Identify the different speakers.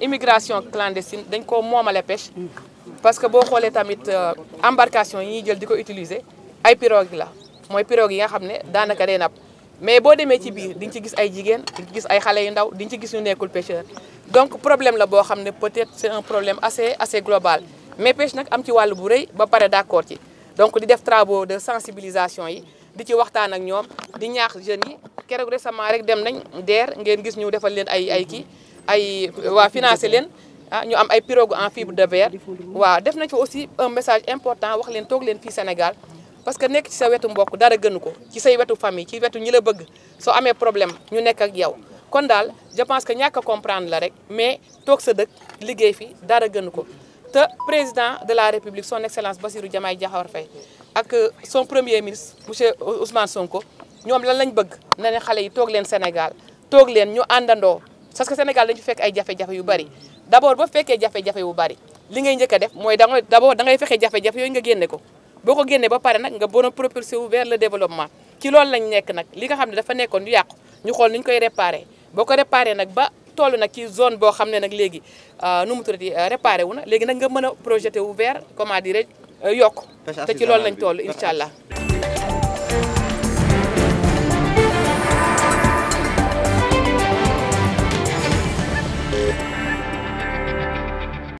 Speaker 1: immigration clandestine dañ ko momalé pêche parce que bo xolé tamit euh, embarcation yi ñuy jël diko utiliser ay pirogue la mooy pirogue yi nga xamné danaka daanaka day napp mais bo démé ci biir diñ ci gis ay jigen diñ ci gis ay xalé yu ndaw diñ ci gis ñu nekkul pêcheur donc problème la bo xamné peut-être c'est un problème assez assez global mais pêche n'ak am ci walu bu reuy ba paré d'accord ci donc di def travaux de sensibilisation yi di ci waxtaan ak ñom di ñaax jeune yi keroog récemment rek dem nañ DER ngeen gis ñu defal leen ay ay ki ay financé ah, pirogues en fibre de verre aussi un message important pour les Sénégal parce que nekk ci sa wetu mbokk dara sont ko ci say famille ci qui ñi la bëgg problème je pense que n'y a comprendre la mais toog fi Le président de la république son excellence Bassirou euh, son premier ministre monsieur euh, Ousmane Sonko ont lan lañ bëgg na au yi ont Sénégal parce que Sénégal dañu fekk ay jafé jafé yu bari d'abord abord ba fekkee jafé jafe yu bari li ngay ñëk def moy d'abord da ngay fekkee jafé jafé yoy nga génné ko boko génné ba paré nak nga bon a propulsé vers le développement ci lool lañ nekk nak li nga xamné dafa nekkoon yu yàqu ñu xol niñ koy réparer boko réparer nak ba tollu nak ci zone bo xamné nak légui euh nu mu tuddati euh, réparé wu na légui nak nga mëna a projeté wu vers comment dire yok té ci lool lañ
Speaker 2: tollu inshallah